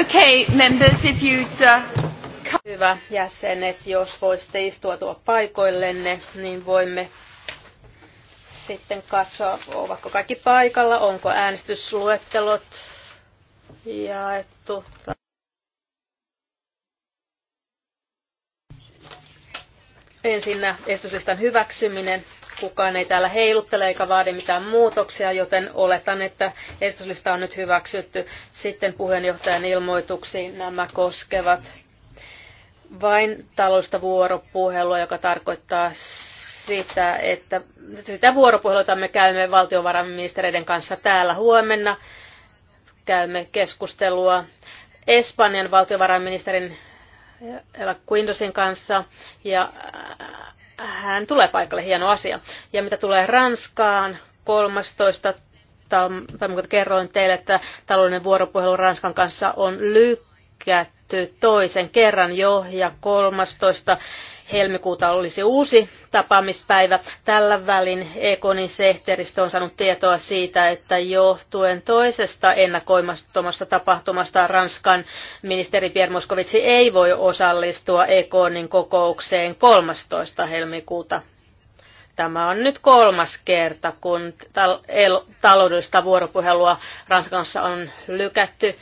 Okay, members, if you'd, uh... Hyvä jäsenet, jos voisitte istua tuolla paikoillenne, niin voimme sitten katsoa, ovatko kaikki paikalla, onko äänestysluettelot jaettu. Ensinnä esityslistan hyväksyminen. Kukaan ei täällä heiluttele eikä vaadi mitään muutoksia, joten oletan, että esityslista on nyt hyväksytty. Sitten puheenjohtajan ilmoituksiin nämä koskevat vain talousta vuoropuhelua, joka tarkoittaa sitä, että sitä vuoropuhelua me käymme valtiovarainministereiden kanssa täällä huomenna. Käymme keskustelua Espanjan valtiovarainministerin Ella Quindosin kanssa ja hän tulee paikalle, hieno asia. Ja mitä tulee Ranskaan, 13. tammikuuta kerroin teille, että taloudellinen vuoropuhelu Ranskan kanssa on lykätty toisen kerran jo, ja 13 helmikuuta olisi uusi tapaamispäivä. Tällä välin Ekonin sehteeristö on saanut tietoa siitä, että johtuen toisesta ennakoimattomasta tapahtumasta Ranskan ministeri Pierre Moskovitsi ei voi osallistua Ekonin kokoukseen 13. helmikuuta Tämä on nyt kolmas kerta, kun taloudellista vuoropuhelua Ranskassa on lykätty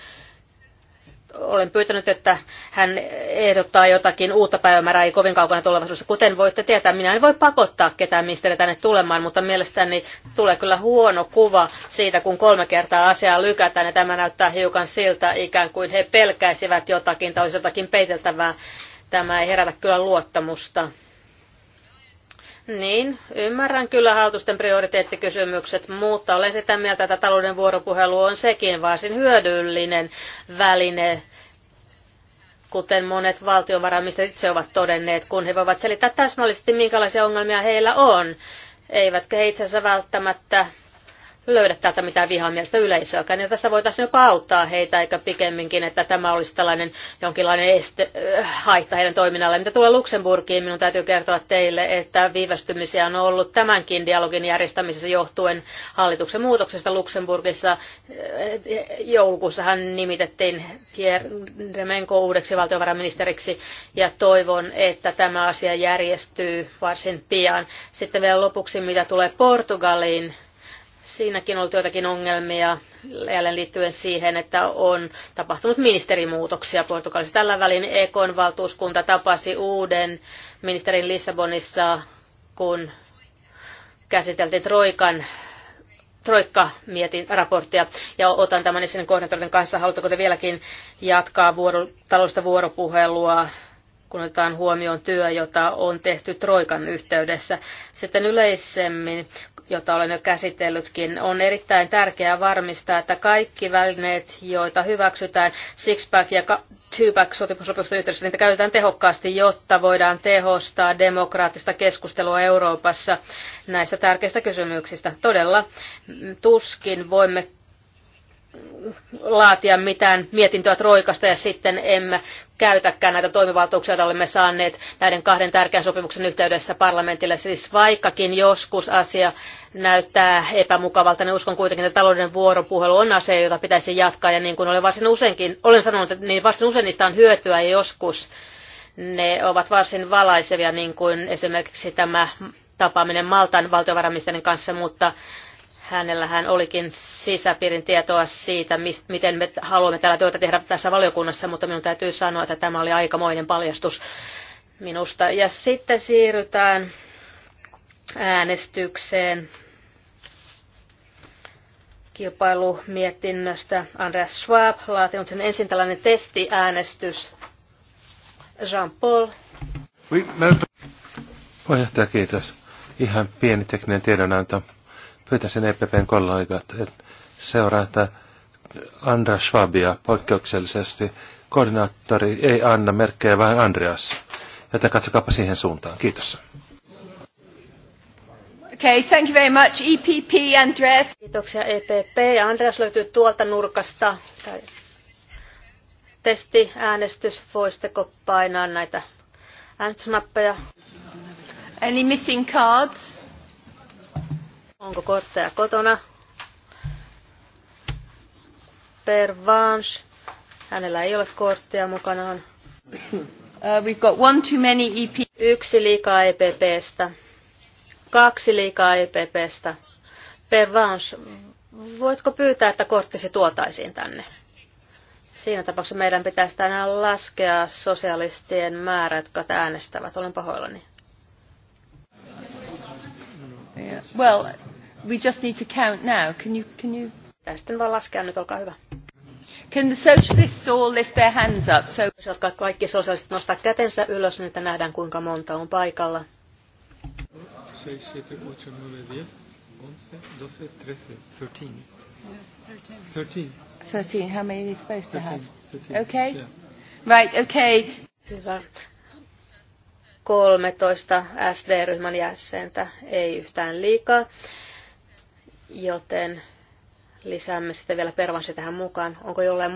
olen pyytänyt, että hän ehdottaa jotakin uutta päivämäärää ei kovin kaukana tulevaisuudessa. Kuten voitte tietää, minä en voi pakottaa ketään ministeriä tänne tulemaan, mutta mielestäni tulee kyllä huono kuva siitä, kun kolme kertaa asiaa lykätään ja tämä näyttää hiukan siltä, ikään kuin he pelkäisivät jotakin tai olisi jotakin peiteltävää. Tämä ei herätä kyllä luottamusta niin, ymmärrän kyllä hallitusten prioriteettikysymykset, mutta olen sitä mieltä, että talouden vuoropuhelu on sekin varsin hyödyllinen väline kuten monet valtiovarainministerit itse ovat todenneet, kun he voivat selittää täsmällisesti, minkälaisia ongelmia heillä on. Eivätkä he itse asiassa välttämättä löydä täältä mitään vihamielistä yleisöäkään. Ja tässä voitaisiin jopa auttaa heitä, eikä pikemminkin, että tämä olisi tällainen jonkinlainen este, äh, haitta heidän toiminnalle. Mitä tulee Luxemburgiin, minun täytyy kertoa teille, että viivästymisiä on ollut tämänkin dialogin järjestämisessä johtuen hallituksen muutoksesta Luxemburgissa. Äh, joulukuussa hän nimitettiin Pierre Remenko uudeksi valtiovarainministeriksi ja toivon, että tämä asia järjestyy varsin pian. Sitten vielä lopuksi, mitä tulee Portugaliin, Siinäkin on ollut joitakin ongelmia jälleen liittyen siihen, että on tapahtunut ministerimuutoksia Portugalissa. Tällä välin Ekon valtuuskunta tapasi uuden ministerin Lissabonissa, kun käsiteltiin Troikan Troikka mietin raporttia ja otan tämän esiin koordinaattorin kanssa. Haluatteko te vieläkin jatkaa vuoro, taloudellista vuoropuhelua, kun otetaan huomioon työ, jota on tehty Troikan yhteydessä? Sitten yleisemmin jota olen jo käsitellytkin, on erittäin tärkeää varmistaa, että kaikki välineet, joita hyväksytään Sixpack ja Twopack sopimusopimusten yhteydessä, niitä käytetään tehokkaasti, jotta voidaan tehostaa demokraattista keskustelua Euroopassa näistä tärkeistä kysymyksistä. Todella tuskin voimme laatia mitään mietintöä Troikasta ja sitten emme käytäkään näitä toimivaltuuksia, joita olemme saaneet näiden kahden tärkeän sopimuksen yhteydessä parlamentille. Siis vaikkakin joskus asia näyttää epämukavalta, niin uskon kuitenkin, että talouden vuoropuhelu on asia, jota pitäisi jatkaa. Ja niin kuin olen, varsin useinkin, olen sanonut, että niin varsin usein niistä on hyötyä ja joskus ne ovat varsin valaisevia, niin kuin esimerkiksi tämä tapaaminen Maltan valtiovarainministerin kanssa, mutta hänellä hän olikin sisäpiirin tietoa siitä, mist, miten me haluamme täällä työtä tehdä tässä valiokunnassa, mutta minun täytyy sanoa, että tämä oli aikamoinen paljastus minusta. Ja sitten siirrytään äänestykseen kilpailumietinnöstä. Andreas Schwab laatinut sen ensin tällainen testiäänestys. Jean-Paul. Puheenjohtaja, kiitos. Ihan pieni tekninen tiedonanto pyytäisin EPPn kollegat, että seuraa, että Andra Schwabia poikkeuksellisesti. Koordinaattori ei anna merkkejä, vaan Andreas. Joten katsokaapa siihen suuntaan. Kiitos. Okay, thank you very much. EPP, Andreas. Kiitoksia EPP. ja Andreas löytyy tuolta nurkasta. Testi, äänestys. Voisitteko painaa näitä äänestysnappeja? Any missing cards? Onko kortteja kotona? Pervanche. Hänellä ei ole korttia mukanaan. Uh, we've got one too many EP. Yksi liikaa EPPstä. Kaksi liikaa EPPstä. Pervanche, voitko pyytää, että korttisi tuotaisiin tänne? Siinä tapauksessa meidän pitäisi tänään laskea sosialistien määrä, jotka äänestävät. Olen pahoillani. Yeah. Well, we just need to count now. Can you, can you... sitten vaan laskea nyt, olkaa hyvä. Can the socialists all lift their hands up? So... Saatkaa kaikki sosiaaliset nostaa kätensä ylös, niin että nähdään kuinka monta on paikalla. 13, 13. 13. how many are supposed to have? 13. Okay. Right, okay. Hyvä. 13 SD-ryhmän jäsentä, ei yhtään liikaa joten lisäämme sitten vielä pervansi tähän mukaan. Onko jollain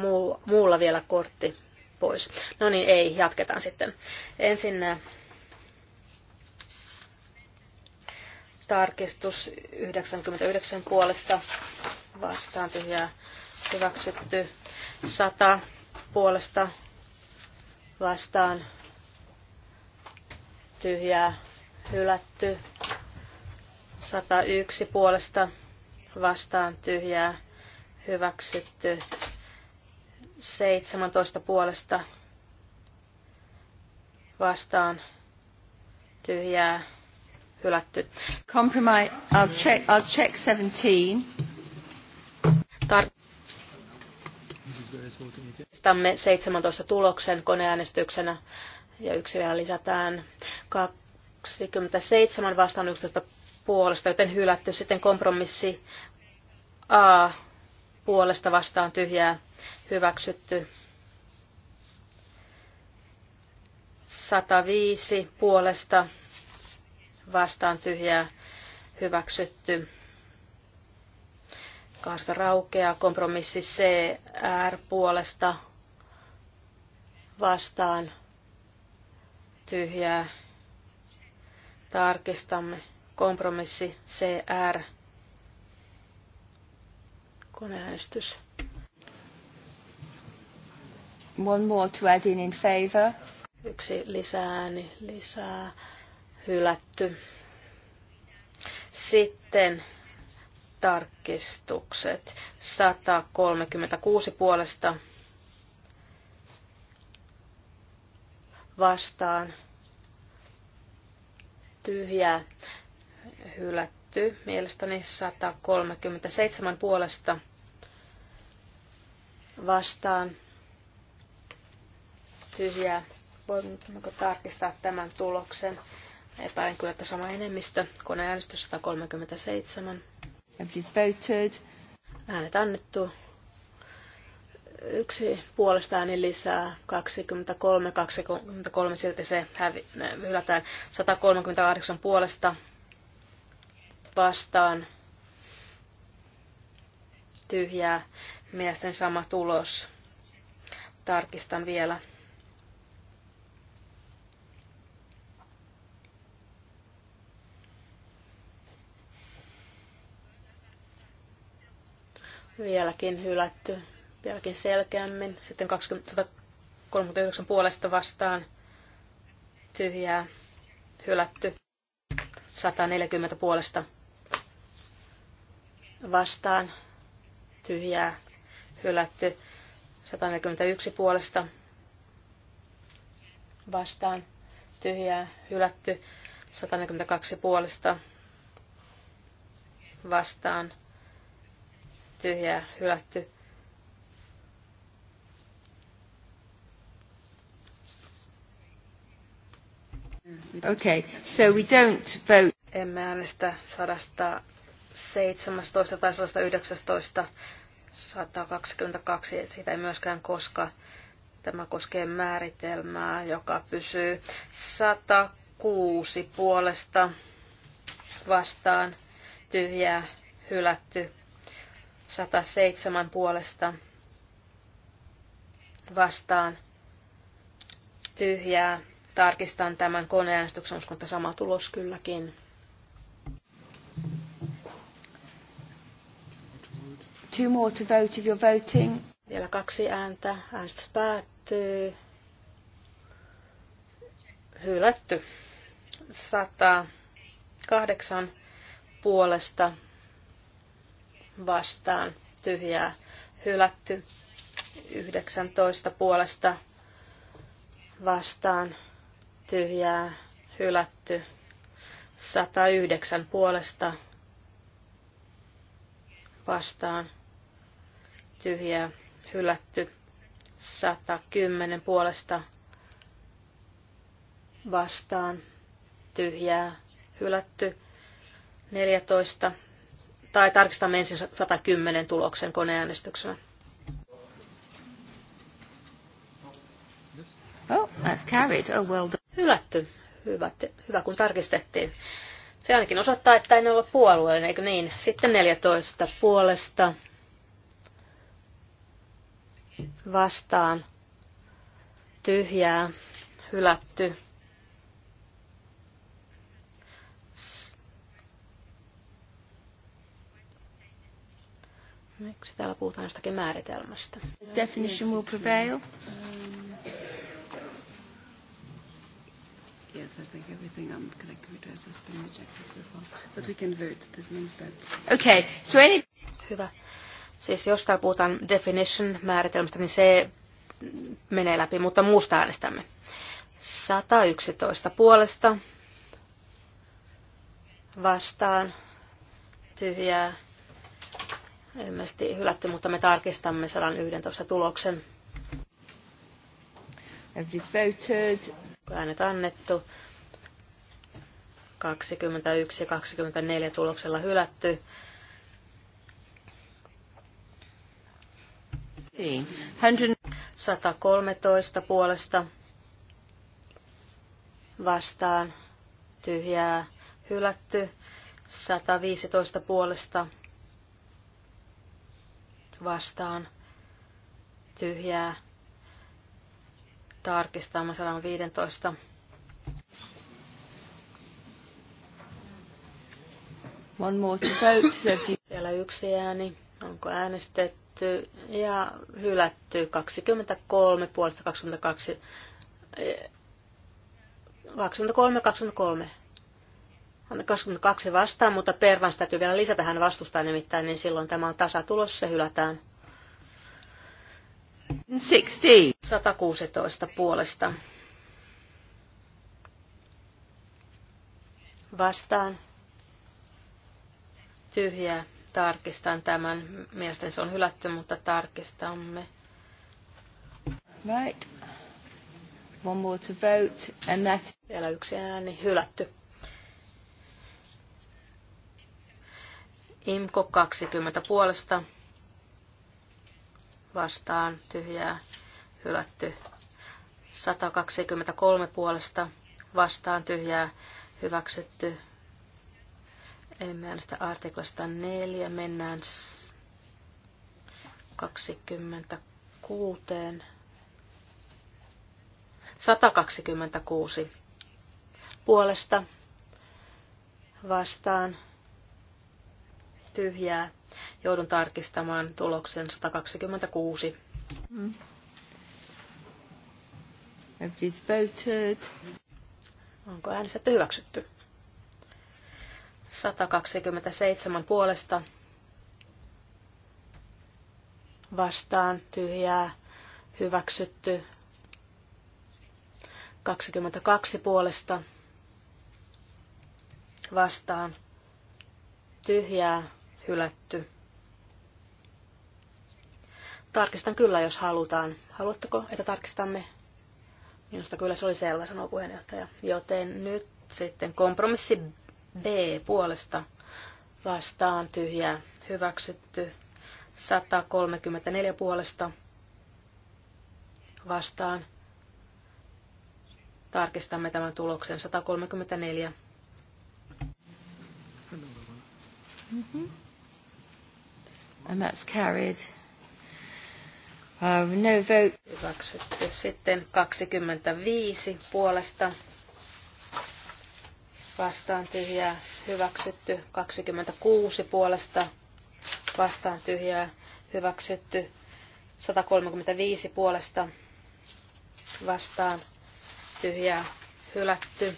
muulla vielä kortti pois? No niin, ei, jatketaan sitten. Ensin äh, tarkistus 99 puolesta vastaan tyhjää hyväksytty 100 puolesta vastaan tyhjää hylätty 101 puolesta vastaan tyhjää hyväksytty 17 puolesta vastaan tyhjää hylätty. Compromise, I'll check, I'll check 17. Tar- 17 tuloksen koneäänestyksenä ja yksi vielä lisätään 27 vastaan 11 puolesta, joten hylätty sitten kompromissi A puolesta vastaan tyhjää hyväksytty. 105 puolesta vastaan tyhjää hyväksytty. Kaarta raukeaa kompromissi CR puolesta vastaan tyhjää. Tarkistamme. Kompromissi CR. Koneäänestys. One more to add in in favor. Yksi lisääni, lisää, hylätty. Sitten tarkistukset. 136 puolesta vastaan tyhjää hylätty. Mielestäni 137 puolesta vastaan tyhjää. Voimmeko tarkistaa tämän tuloksen? Epäilen kyllä, että sama enemmistö. Koneäänestys 137. Äänet annettu. Yksi puolesta ääni lisää, 23, 23 silti se hävi, hylätään, 138 puolesta vastaan tyhjää. miesten sama tulos. Tarkistan vielä. Vieläkin hylätty, vieläkin selkeämmin. Sitten 239 puolesta vastaan tyhjää, hylätty. 140 puolesta vastaan tyhjää hylätty 141 puolesta vastaan tyhjää hylätty 142 puolesta vastaan tyhjää hylätty Okay, so we don't vote. Emme äänestä 100 17 tai 119, 122, siitä ei myöskään koska tämä koskee määritelmää, joka pysyy 106 puolesta vastaan tyhjää hylätty 107 puolesta vastaan tyhjää. Tarkistan tämän koneäänestyksen, uskon, että sama tulos kylläkin. two more to vote if you're voting. Vielä kaksi ääntä. Äänestys päättyy. Hylätty. 108 puolesta vastaan tyhjää hylätty. 19 puolesta vastaan tyhjää hylätty. 109 puolesta vastaan tyhjää hylätty 110 puolesta vastaan tyhjää hylätty 14 tai tarkistamme ensin 110 tuloksen koneäänestyksellä. Oh, that's carried. Oh, well done. Hylätty. Hyvä, hyvä, kun tarkistettiin. Se ainakin osoittaa, että en ole puolueen, eikö niin? Sitten 14 puolesta vastaan tyhjää hylätty. Miksi täällä puhutaan jostakin määritelmästä? Definition will prevail. Um, yes, I think everything on collective redress has been rejected so far. But we can vote. This means that... Okay, so any... Hyvä. Siis täällä puhutaan definition määritelmästä, niin se menee läpi, mutta muusta äänestämme. 111 puolesta vastaan tyhjää. Ilmeisesti hylätty, mutta me tarkistamme 111 tuloksen. Äänet annettu. 21 ja 24 tuloksella hylätty. 113 niin. puolesta vastaan tyhjää hylätty. 115 puolesta vastaan tyhjää tarkistamaan 115. One more to vote. Vielä yksi ääni. Onko äänestetty? Hylätty ja hylätty 23 puolesta 22. 23, 23. 22 vastaan, mutta Pervans täytyy vielä lisätä, hän vastustaa nimittäin, niin silloin tämä on tasatulos, se hylätään. 116 puolesta. Vastaan. Tyhjää. Tarkistan tämän. Mielestäni se on hylätty, mutta tarkistamme. Right. One more to vote and that... Vielä yksi ääni. Hylätty. Imko 20 puolesta. Vastaan tyhjää. Hylätty. 123 puolesta. Vastaan tyhjää. Hyväksytty. Emme äänestä artiklasta 4. Mennään 26. 126 puolesta vastaan tyhjää. Joudun tarkistamaan tuloksen 126. Mm. Everybody's voted. Onko äänestetty hyväksytty? 127 puolesta vastaan tyhjää hyväksytty 22 puolesta vastaan tyhjää hylätty. Tarkistan kyllä, jos halutaan. Haluatteko, että tarkistamme? Minusta kyllä se oli selvä, sanoo puheenjohtaja. Joten nyt sitten kompromissi B puolesta vastaan tyhjää hyväksytty. 134 puolesta vastaan. Tarkistamme tämän tuloksen. 134. Mm-hmm. And that's carried. Uh, no vote. Hyväksytty. Sitten 25 puolesta vastaan tyhjää hyväksytty 26 puolesta vastaan tyhjää hyväksytty 135 puolesta vastaan tyhjää hylätty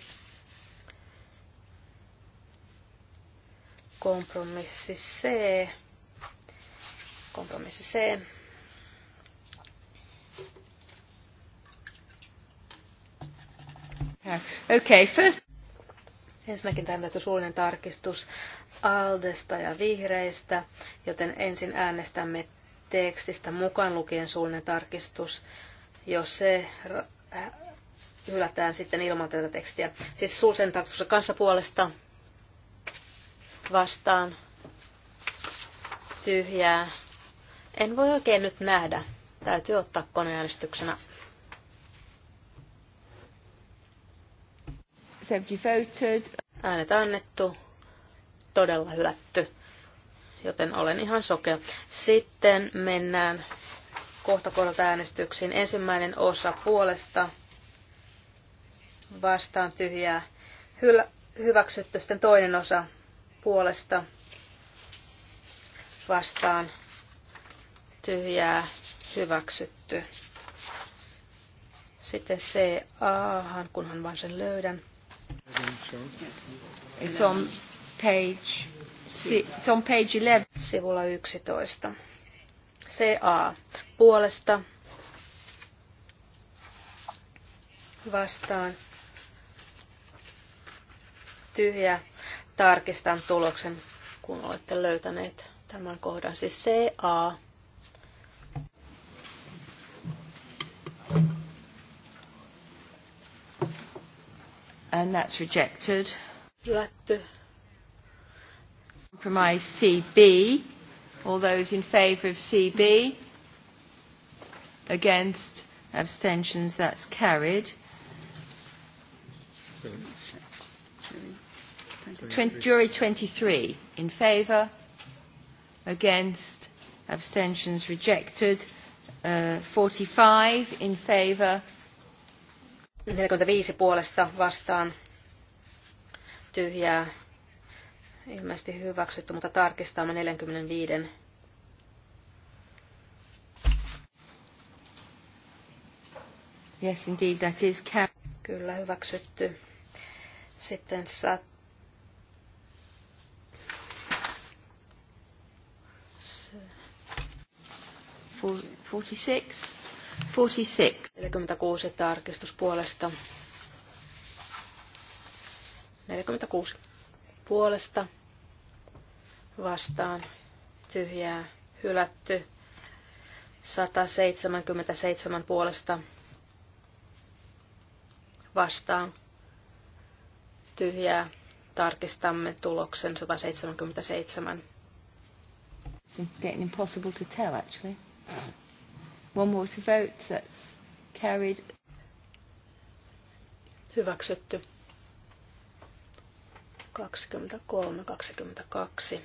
kompromissi C kompromissi C Okay, first Ensinnäkin tähän löytyy suullinen tarkistus Aldesta ja Vihreistä, joten ensin äänestämme tekstistä mukaan lukien suullinen tarkistus. Jos se äh, hylätään sitten ilman tätä tekstiä. Siis suullisen tarkistuksen kanssa puolesta vastaan tyhjää. En voi oikein nyt nähdä. Täytyy ottaa koneäänestyksenä. voted. Äänet annettu, todella hylätty, joten olen ihan sokea. Sitten mennään kohta kohdalta äänestyksiin. Ensimmäinen osa puolesta vastaan tyhjää Hyl- hyväksytty. Sitten toinen osa puolesta vastaan tyhjää hyväksytty. Sitten CA, kunhan vaan sen löydän. It's on page, se on page 11. Sivulla 11. CA puolesta vastaan tyhjä. Tarkistan tuloksen, kun olette löytäneet tämän kohdan. Siis CA and that's rejected. Hylätty. Compromise CB. All those in favour of CB? Against? Abstentions? That's carried. So, jury 23. In favour? Against? Abstentions? Rejected. Uh, 45 in favour? 45 puolesta vastaan tyhjää ilmeisesti hyväksytty, mutta tarkistamme 45. Yes, indeed, that is Kyllä hyväksytty. Sitten sat... Forty-six. 46. 46 tarkistus puolesta. 46 puolesta vastaan tyhjää hylätty. 177 puolesta vastaan tyhjää. Tarkistamme tuloksen 177. It's impossible to tell actually. One more to vote. That's carried. Hyväksytty. 23, 22.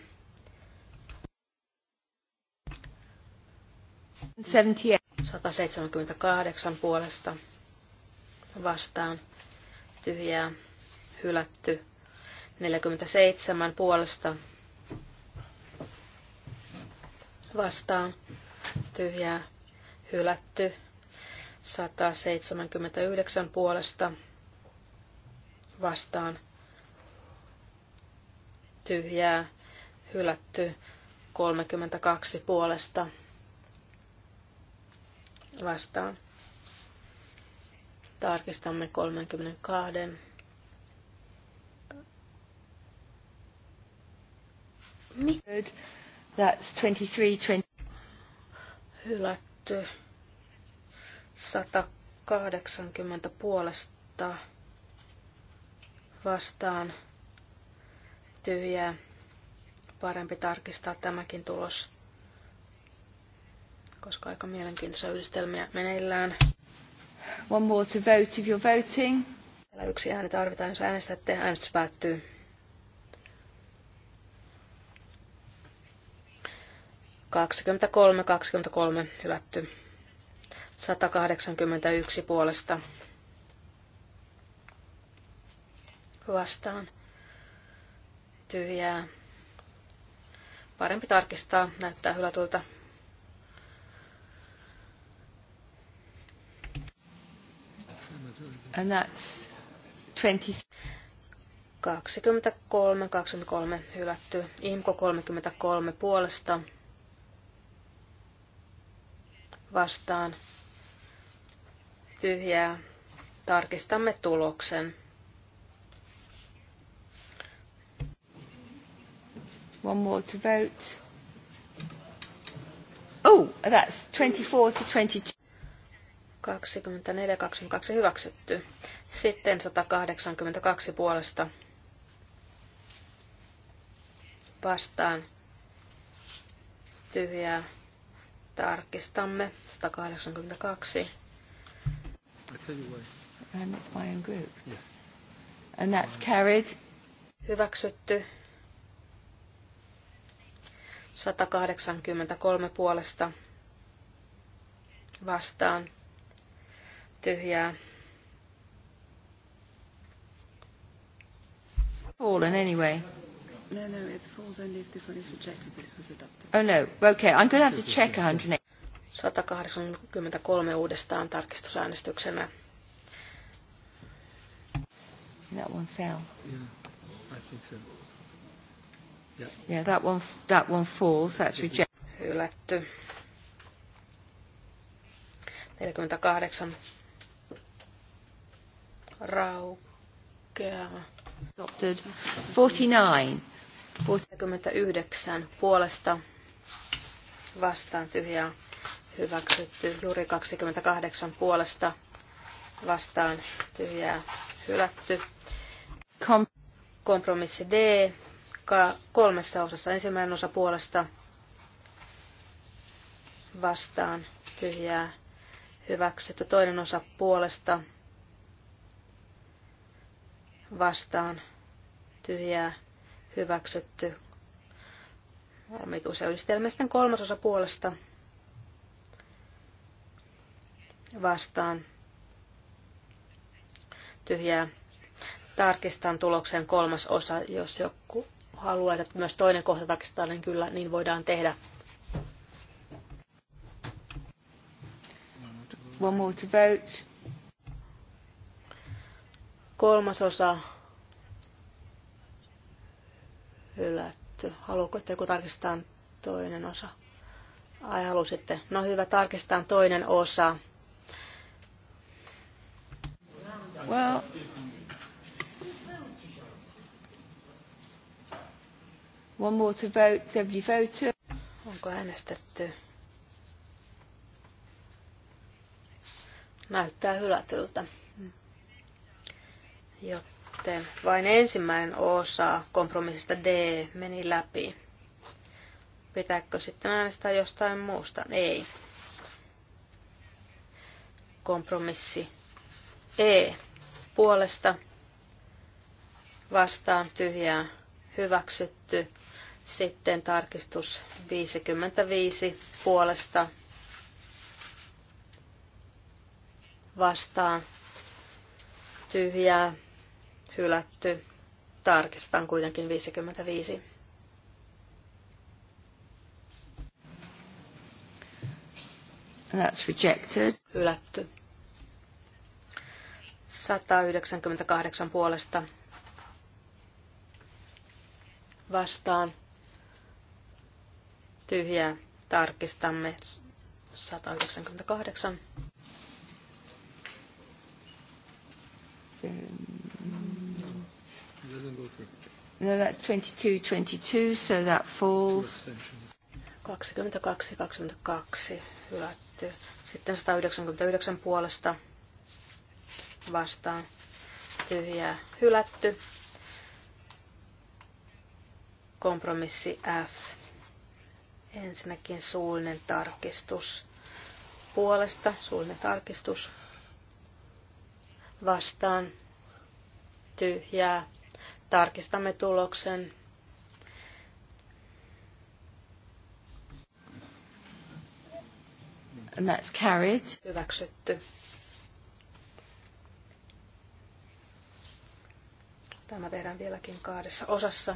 178 puolesta vastaan tyhjää hylätty. 47 puolesta vastaan tyhjää hylätty. 179 puolesta vastaan tyhjää, hylätty 32 puolesta vastaan. Tarkistamme 32. That's 23, 20. Hylätty hylätty. 180 puolesta vastaan tyhjää. Parempi tarkistaa tämäkin tulos, koska aika mielenkiintoisia yhdistelmiä meneillään. One more to vote if you're voting. Täällä yksi ääni tarvitaan, jos äänestätte. Äänestys päättyy. 23, 23 hylätty. 181 puolesta vastaan tyhjää. Parempi tarkistaa, näyttää hylätulta. And that's 20. 23, 23 hylätty. Imko 33 puolesta vastaan tyhjää. Tarkistamme tuloksen. One more to vote. Oh, that's 24 to 22. 24, 22 hyväksytty. Sitten 182 puolesta vastaan tyhjää Tarkistamme 182. And it's my own group. Yeah. And that's carried. Hyväksytty. 183 puolesta vastaan tyhjää. Fallen anyway. No, no, it falls only if this one is rejected, but it was adopted. Oh no, okay, I'm going to have to check 183 uudestaan tarkistusäänestyksenä. That one fell. Yeah, I think so. Yeah, yeah that, one, that one falls, that's rejected. Hylätty. 48 raukeaa. Adopted. 49. 69 puolesta vastaan tyhjää hyväksytty. Juuri 28 puolesta vastaan tyhjää hylätty. Kompromissi D kolmessa osassa. Ensimmäinen osa puolesta vastaan tyhjää hyväksytty. Toinen osa puolesta vastaan tyhjää hyväksytty omituisia yhdistelmiä. Sitten kolmasosa puolesta vastaan tyhjää. Tarkistan tuloksen kolmas osa, jos joku haluaa, että myös toinen kohta tarkistetaan, niin kyllä niin voidaan tehdä. One more to vote. Kolmasosa hylätty. Haluatko, että joku tarkistaa toinen osa? Ai halusitte. No hyvä, tarkistaa toinen osa. Well, one more to vote, every voted? Onko äänestetty? Näyttää hylätyltä. Joo sitten vain ensimmäinen osa kompromissista D meni läpi. Pitääkö sitten äänestää jostain muusta? Ei. Kompromissi E puolesta vastaan tyhjää hyväksytty. Sitten tarkistus 55 puolesta vastaan tyhjää hylätty. Tarkistetaan kuitenkin 55. That's rejected. Hylätty. 198 puolesta vastaan tyhjää tarkistamme 198. Sen No, that's 22, 22, so that falls. 22, 22, hylätty. Sitten 199 puolesta vastaan tyhjää hylätty. Kompromissi F. Ensinnäkin suullinen tarkistus puolesta, suullinen tarkistus vastaan tyhjää Tarkistamme tuloksen. And that's carried. Hyväksytty. Tämä tehdään vieläkin kahdessa osassa.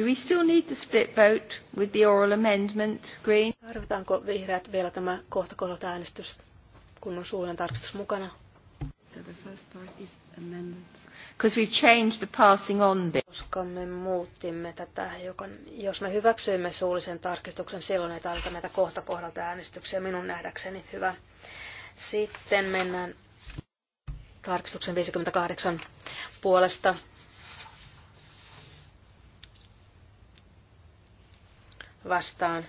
Do we still need the split vote with the oral amendment, Green? Tarvitaanko vihreät vielä tämä kohta äänestys, kun on suullinen tarkistus mukana? So the first part is amendments. Because we've changed the passing on bit. Koska me muuttimme tätä, joka, jos me hyväksyimme suullisen tarkistuksen, silloin ei tarvita näitä kohta kohdalta äänestyksiä minun nähdäkseni. Hyvä. Sitten mennään tarkistuksen 58 puolesta. Vastaan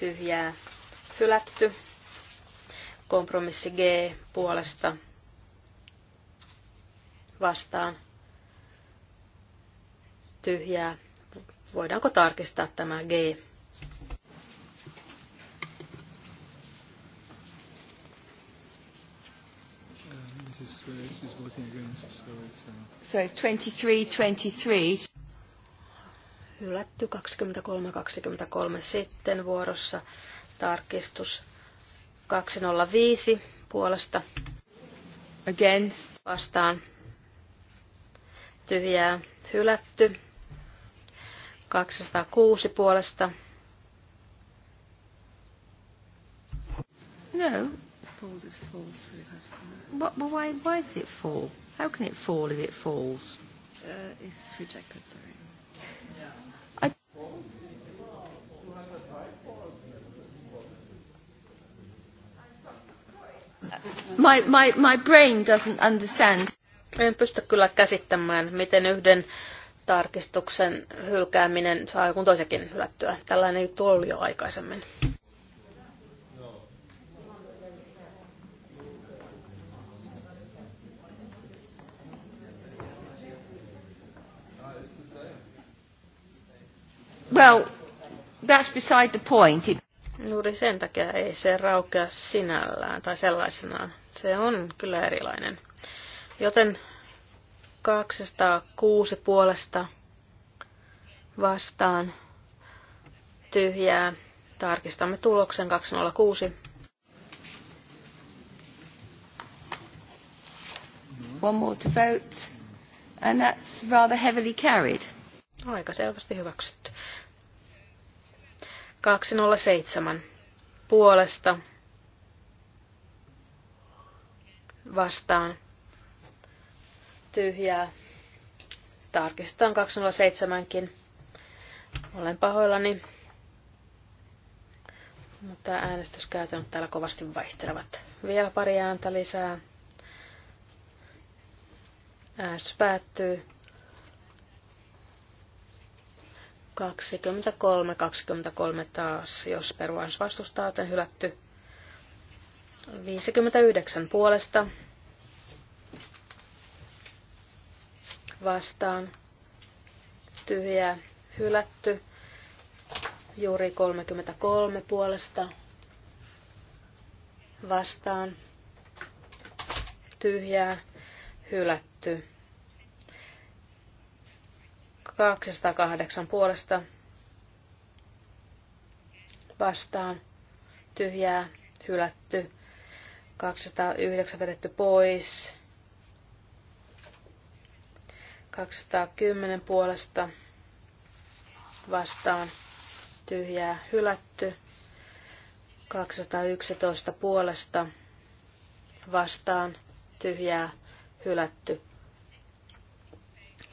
tyhjää hylätty. Kompromissi G puolesta vastaan tyhjää. Voidaanko tarkistaa tämä G? Uh, so it's 23-23. Uh, Hylätty 23-23. Sitten vuorossa tarkistus 205 puolesta. Against. Vastaan tyhjää hylätty. 206 puolesta. No. Falls it falls, so it has fallen. What, but why, why does it fall? How can it fall if it falls? Uh, if rejected, sorry. My, my, my brain doesn't understand. En pysty kyllä käsittämään, miten yhden tarkistuksen hylkääminen saa joku toisenkin hylättyä. Tällainen juttu oli jo aikaisemmin. Well, that's beside the point. Juuri sen takia ei se raukea sinällään tai sellaisenaan. Se on kyllä erilainen. Joten 206 puolesta vastaan tyhjää. Tarkistamme tuloksen 206. One more to vote. And that's rather heavily carried. Aika selvästi hyväksytty. 207 puolesta vastaan tyhjää. Tarkistetaan 207kin. Olen pahoillani. Mutta äänestyskäytännöt täällä kovasti vaihtelevat. Vielä pari ääntä lisää. Äänestys päättyy. 23, 23 taas, jos peruans vastustaa, joten hylätty. 59 puolesta vastaan tyhjää hylätty. Juuri 33 puolesta vastaan tyhjää hylätty. 208 puolesta vastaan tyhjää hylätty. 209 vedetty pois. 210 puolesta vastaan tyhjää hylätty. 211 puolesta vastaan tyhjää hylätty.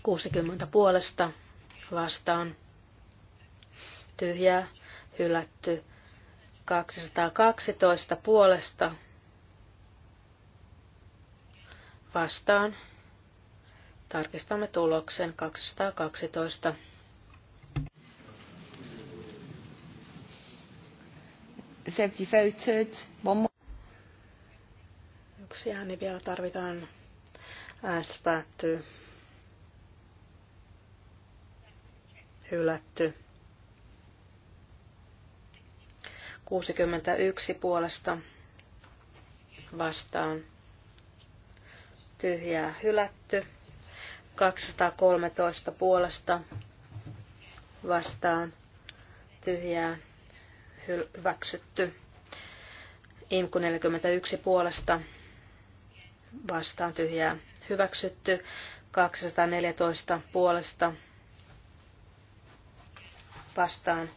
60 puolesta vastaan tyhjää hylätty. 212 puolesta vastaan Tarkistamme tuloksen 212. Yksi ääni vielä tarvitaan. Äänestys päättyy. Hylätty. 61 puolesta vastaan. Tyhjää hylätty. 213 puolesta vastaan tyhjää hyväksytty. Imku 41 puolesta vastaan tyhjää hyväksytty. 214 puolesta vastaan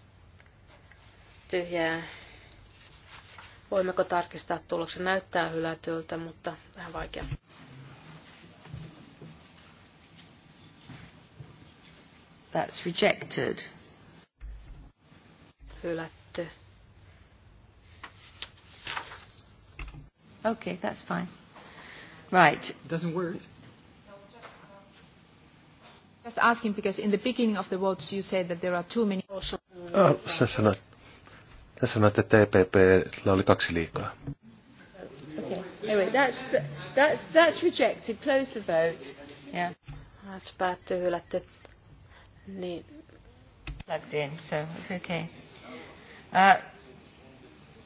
tyhjää. Voimmeko tarkistaa tuloksen? Näyttää hylätyltä, mutta vähän vaikea. That's rejected. Hylätty. Okay, that's fine. Right. It doesn't work. Just asking because in the beginning of the votes you said that there are too many also. Oh, sä sanoit, että e oli kaksi liikaa. Okay. Anyway, that's, that's, that's rejected. Close the vote. Yeah. hylätty. Niin. Plugged in, so it's okay. Uh,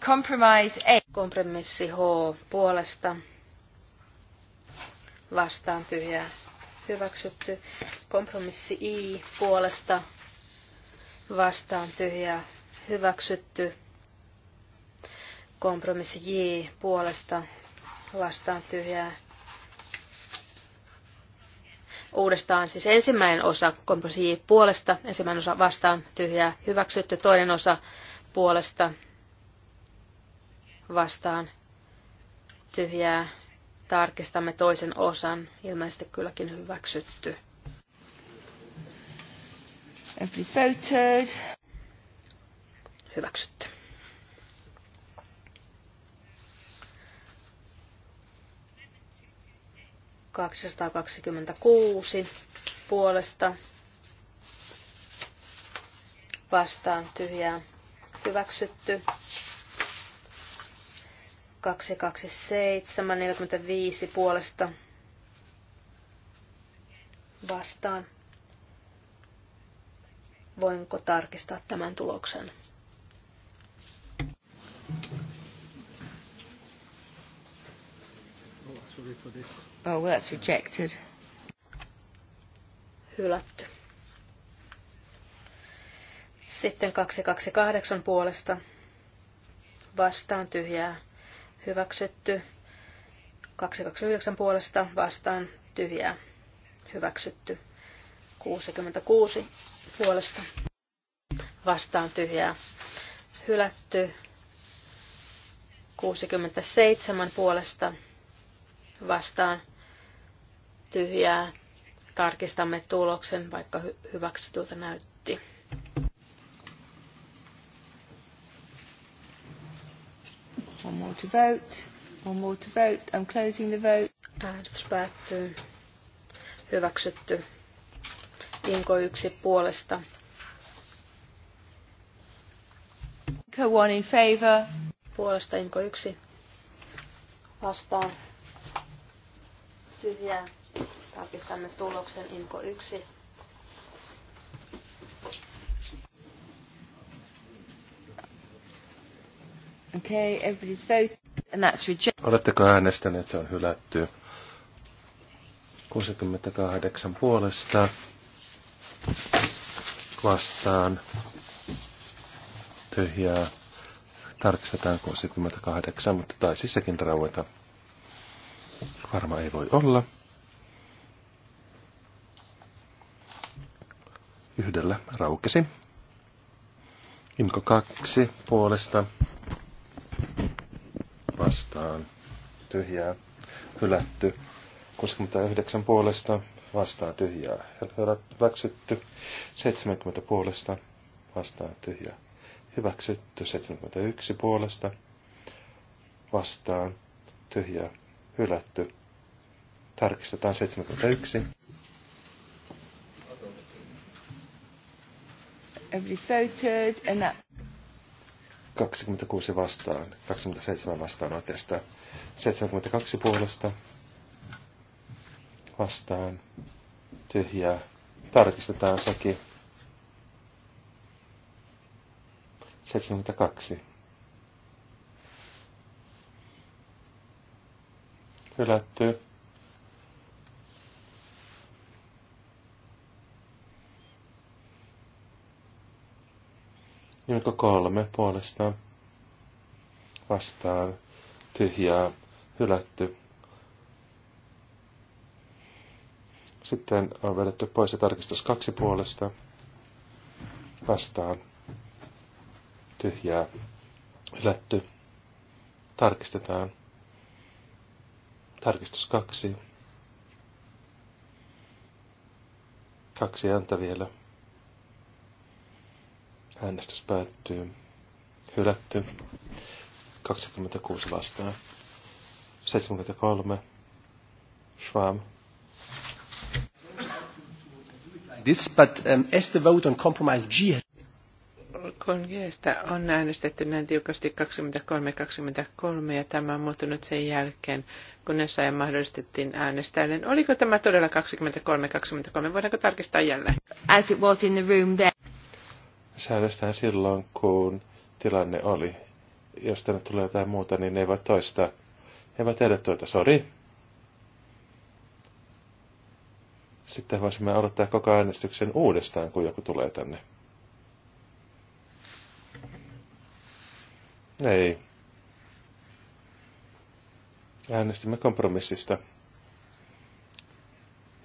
compromise A. Kompromissi H puolesta vastaan tyhjää hyväksytty. Kompromissi I puolesta vastaan tyhjää hyväksytty. Kompromissi J puolesta vastaan tyhjää uudestaan. Siis ensimmäinen osa komposi puolesta, ensimmäinen osa vastaan tyhjää hyväksytty, toinen osa puolesta vastaan tyhjää. Tarkistamme toisen osan, ilmeisesti kylläkin hyväksytty. Everybody's voted. Hyväksytty. 226 puolesta vastaan tyhjää hyväksytty. 227, 45 puolesta vastaan. Voinko tarkistaa tämän tuloksen? Oh, well, that's rejected. Hylätty. Sitten 228 puolesta vastaan tyhjää hyväksytty. 229 puolesta vastaan tyhjää hyväksytty. 66 puolesta vastaan tyhjää hylätty. 67 puolesta vastaan tyhjää. Tarkistamme tuloksen, vaikka hy- hyväksytulta näytti. One more to vote. One more to vote. I'm closing the vote. Äänestys päättyy. Hyväksytty. Inko yksi puolesta. Inko one in favor. Puolesta Inko yksi. Vastaan tyhjää. Tarkistamme tuloksen Inko 1. Okay, everybody's voted and that's rejected. Oletteko äänestäneet, se on hylätty. 68 puolesta vastaan tyhjää. Tarkistetaan 68, mutta taisi sekin raueta. Varma ei voi olla. Yhdellä raukesi. Inko kaksi puolesta vastaan. Tyhjää. Hylätty. 69 puolesta vastaan tyhjää. Hyväksytty. 70 puolesta vastaan tyhjää. Hyväksytty. 71 puolesta vastaan tyhjää hylätty. Tarkistetaan 71. Voted and that... 26 vastaan, 27 vastaan oikeastaan, 72 puolesta vastaan, tyhjää, tarkistetaan sekin, 72. hylätty. Joko kolme puolesta vastaan tyhjää hylätty. Sitten on vedetty pois ja tarkistus kaksi puolesta vastaan tyhjää hylätty. Tarkistetaan. Tarkistus kaksi. Kaksi ääntä vielä. Äänestys päättyy. Hylätty. 26 vastaan. 73. Schwam. This, but um, as the vote on compromise G kun gstä on äänestetty näin tiukasti 23-23 ja tämä on muuttunut sen jälkeen, kunnes ajan mahdollistettiin niin Oliko tämä todella 23-23? Voidaanko tarkistaa jälleen? As it was in the room there. Säädöstään silloin, kun tilanne oli. Jos tänne tulee jotain muuta, niin ne eivät toista. Ne eivät tehdä tuota, sori. Sitten voisimme aloittaa koko äänestyksen uudestaan, kun joku tulee tänne. Ei. Äänestimme kompromissista.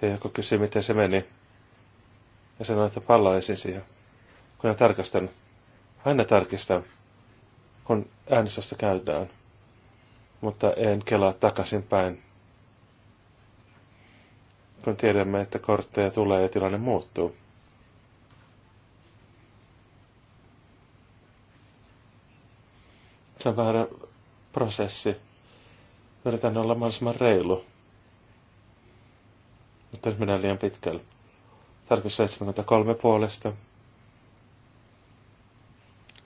Ja joku kysyi, miten se meni. Ja sanoi, että palaisin siihen. Kun hän tarkastan. Aina tarkistan, kun äänestöstä käydään. Mutta en kelaa takaisinpäin. Kun tiedämme, että kortteja tulee ja tilanne muuttuu. Se on vähän prosessi. Yritän olla mahdollisimman reilu. Mutta nyt mennään liian pitkälle. Tarkoitus 73 puolesta.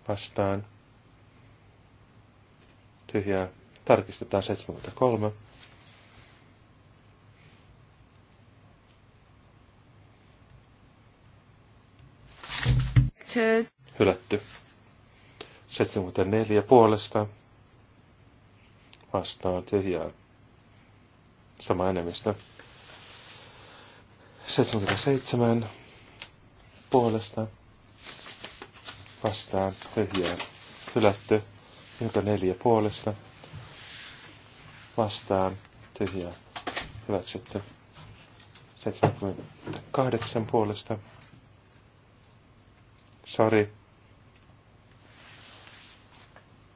Vastaan. Tyhjää. Tarkistetaan 73. Hylätty. 74 puolesta vastaan tyhjää. Sama enemmistö. 77 puolesta vastaan tyhjää. Hylätty. Joka neljä puolesta vastaan tyhjää. Hyväksytty. 78 puolesta. Sorry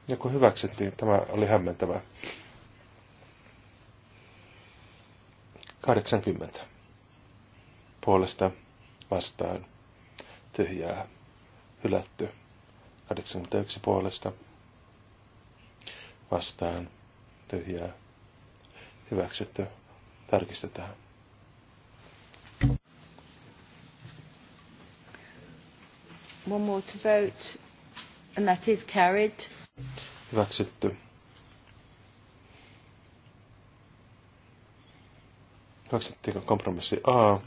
joku hyväksyttiin. Niin tämä oli hämmentävää. 80. Puolesta vastaan tyhjää hylätty. 81 puolesta vastaan tyhjää hyväksytty. Tarkistetaan. One more to vote, and that is carried. Hyväksytty. Hyväksyttiinko kompromissi A.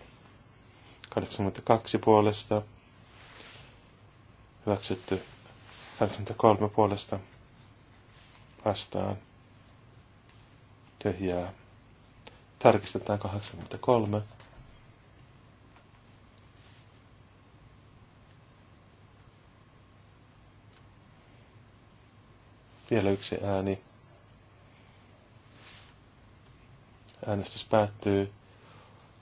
82 puolesta. Hyväksytty. 83 puolesta. Vastaan. Tyhjää. Tarkistetaan 83. Vielä yksi ääni. Äänestys päättyy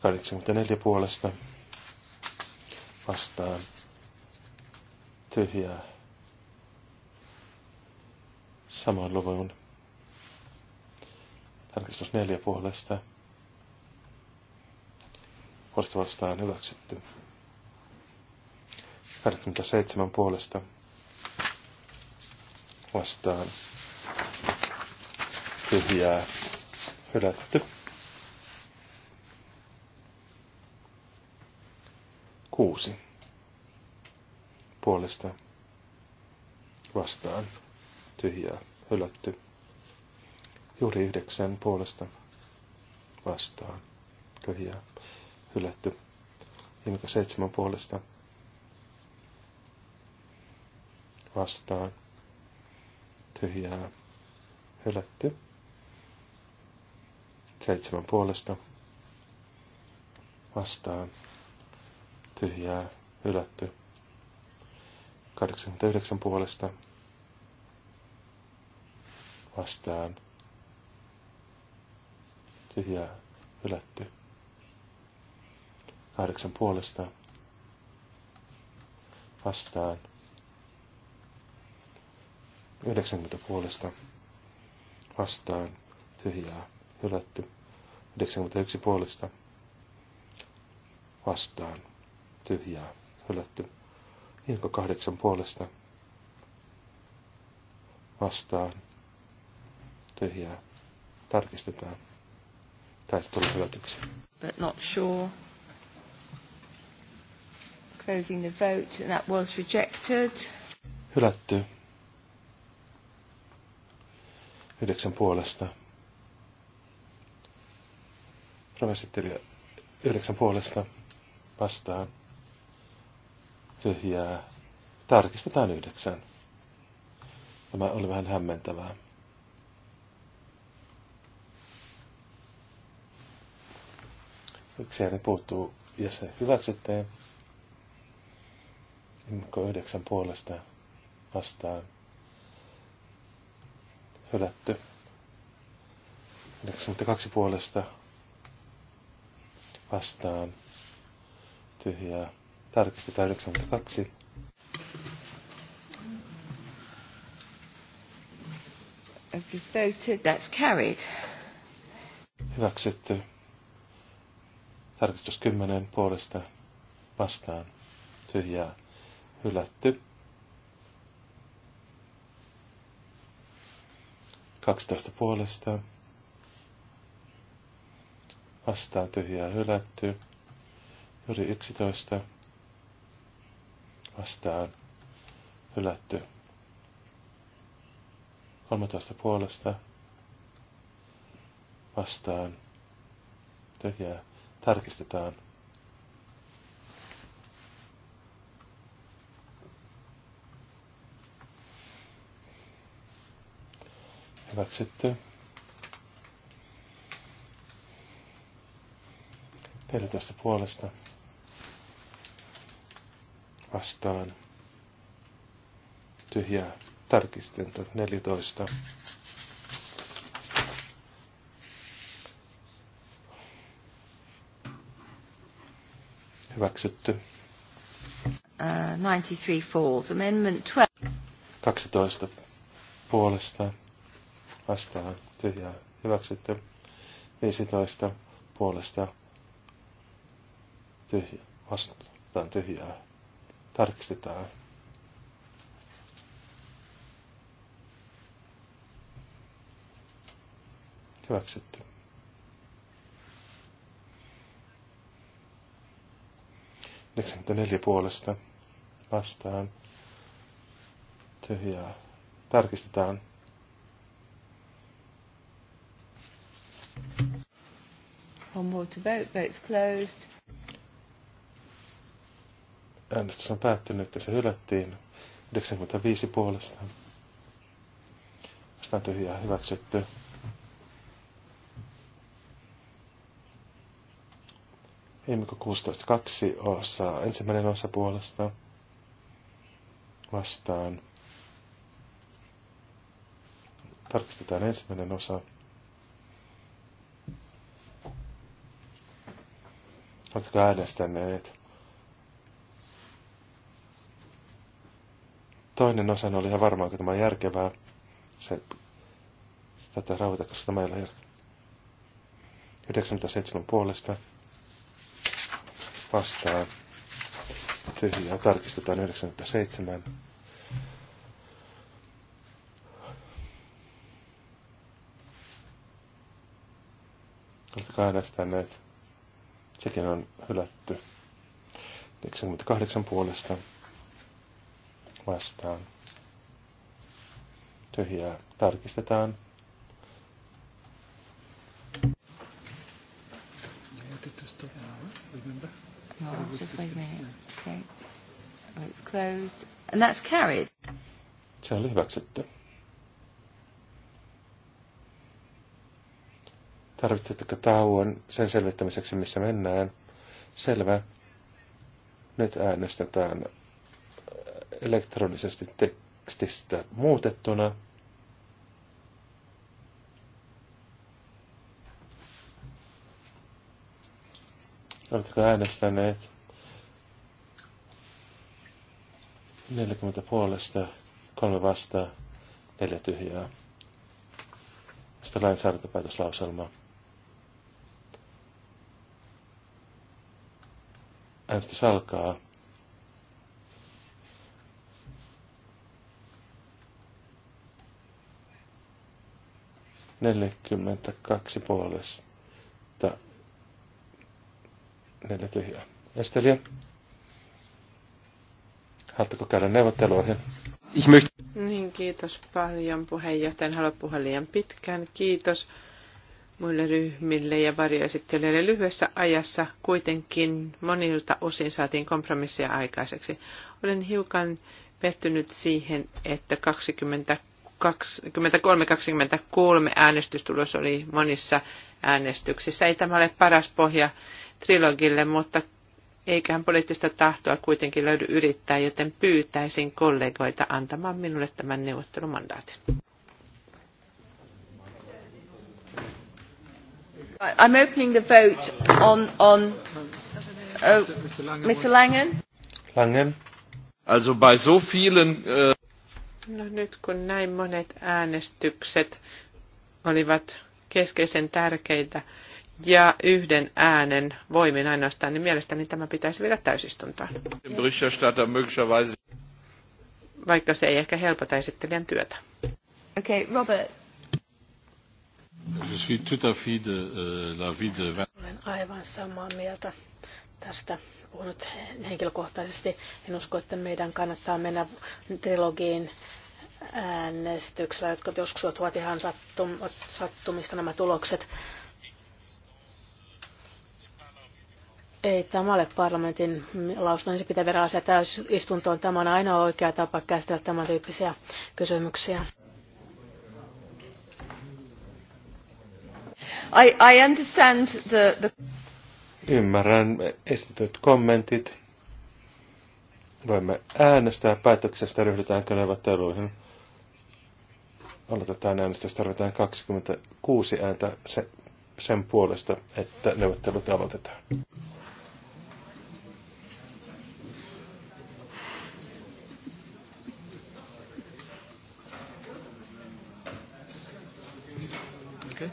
84 puolesta vastaan tyhjää saman luvun. Tarkistus neljä puolesta. Puolesta vastaan hyväksytty. 87 puolesta vastaan tyhjää hylätty. Kuusi puolesta vastaan tyhjää hylätty. Juuri yhdeksän puolesta vastaan tyhjää hylätty. Ilka seitsemän puolesta vastaan tyhjää hylätty. Seitsemän puolesta vastaan tyhjää hylätty. 89 puolesta vastaan tyhjää hylätty. 8 puolesta vastaan 90 puolesta vastaan tyhjää hylätty. 91 puolesta vastaan tyhjää hylätty. Ilko 8 puolesta vastaan tyhjää tarkistetaan. Tai se tuli hylätyksi. But not sure. Closing the vote and that was rejected. Hylätty yhdeksän puolesta. Ravesittelijä yhdeksän puolesta vastaan. Tyhjää. Tarkistetaan yhdeksän. Tämä oli vähän hämmentävää. Yksi ääni puuttuu ja se hyväksytään. Imko yhdeksän puolesta vastaan hylätty. 92 puolesta vastaan tyhjää. Tarkistetaan 92. Voted, that's carried. Hyväksytty. Tarkistus 10 puolesta vastaan tyhjää. Hylätty. 12 puolesta. Vastaan tyhjää hylätty. Juri 11. Vastaan hylätty. 13 puolesta. Vastaan tyhjää. Tarkistetaan. Hyväksytty. Neljätoista puolesta. Vastaan. Tyhjää. Tarkistinta. 14. Hyväksytty. Uh, 93 falls. Amendment 12. 12 puolestaan vastaan tyhjää hyväksytty. 15 puolesta tyhjä, vastaan tyhjää tarkistetaan. Hyväksytty. neljä puolesta vastaan tyhjää. Tarkistetaan. One more to vote. Vote's closed. Äänestys on päättynyt ja se hylättiin 95 puolesta. Sitä on tyhjää hyväksytty. Viimikko 16.2 osa Ensimmäinen osa puolesta vastaan. Tarkistetaan ensimmäinen osa. Oletko äänestäneet? Toinen osa oli ihan varmaan, että tämä on järkevää. Se, tätä rauhoita, koska tämä ei ole järkevää. 97 puolesta vastaan. Tyhjää tarkistetaan 97. Oletko äänestäneet? Sekin on hylätty. 98 puolesta vastaan. Tyhjää tarkistetaan. No, oh, Se oli hyväksytty. Tarvitsetteko tauon sen selvittämiseksi, missä mennään? Selvä. Nyt äänestetään elektronisesti tekstistä muutettuna. Oletteko äänestäneet? 40 puolesta, kolme vastaa, neljä tyhjää. Sitten lainsäädäntöpäätöslauselmaa. Äänestys alkaa. kaksi puolesta. Neljä tyhjää. Estelijä. Haluatko käydä neuvotteluihin? Niin, kiitos paljon puheenjohtajan. Halua puhua liian pitkään. Kiitos muille ryhmille ja varjoesittelijöille. Lyhyessä ajassa kuitenkin monilta osin saatiin kompromissia aikaiseksi. Olen hiukan pettynyt siihen, että 23-23 äänestystulos oli monissa äänestyksissä. Ei tämä ole paras pohja trilogille, mutta eiköhän poliittista tahtoa kuitenkin löydy yrittää, joten pyytäisin kollegoita antamaan minulle tämän neuvottelumandaatin. I'm opening the vote on, on uh, Mr. Langen. Langen. Also bei so vielen... Uh... No nyt kun näin monet äänestykset olivat keskeisen tärkeitä ja yhden äänen voimin ainoastaan, niin mielestäni tämä pitäisi viedä täysistuntaan. Vaikka se ei ehkä helpota esittelijän työtä. Okay, Robert. Je suis tout à fait de, euh, de... Olen aivan samaa mieltä tästä puhunut henkilökohtaisesti. En usko, että meidän kannattaa mennä trilogiin äänestyksellä, jotka joskus ovat ihan sattum, sattumista nämä tulokset. Ei tämä ole parlamentin lausunto, se pitää viedä asia täysistuntoon. Tämä on ainoa oikea tapa käsitellä tämän tyyppisiä kysymyksiä. I, I understand the, the... Ymmärrän esitetyt kommentit. Voimme äänestää päätöksestä, ryhdytäänkö neuvotteluihin. Aloitetaan äänestys, tarvitaan 26 ääntä se, sen puolesta, että neuvottelut aloitetaan.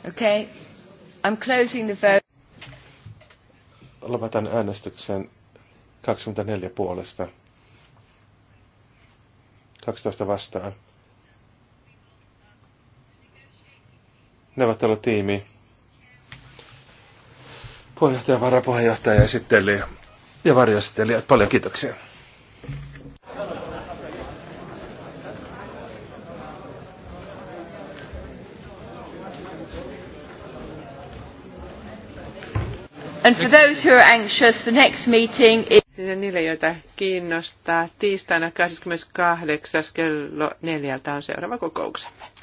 Okay. I'm closing the vote. Lopetan äänestyksen 24 puolesta. 12 vastaan. Neuvottelutiimi. Puheenjohtaja, varapuheenjohtaja, esitteli ja varjoesitteli. Paljon kiitoksia. And for those who are anxious, the next meeting is... Ja niille, joita kiinnostaa, tiistaina 28. kello neljältä on seuraava kokouksemme.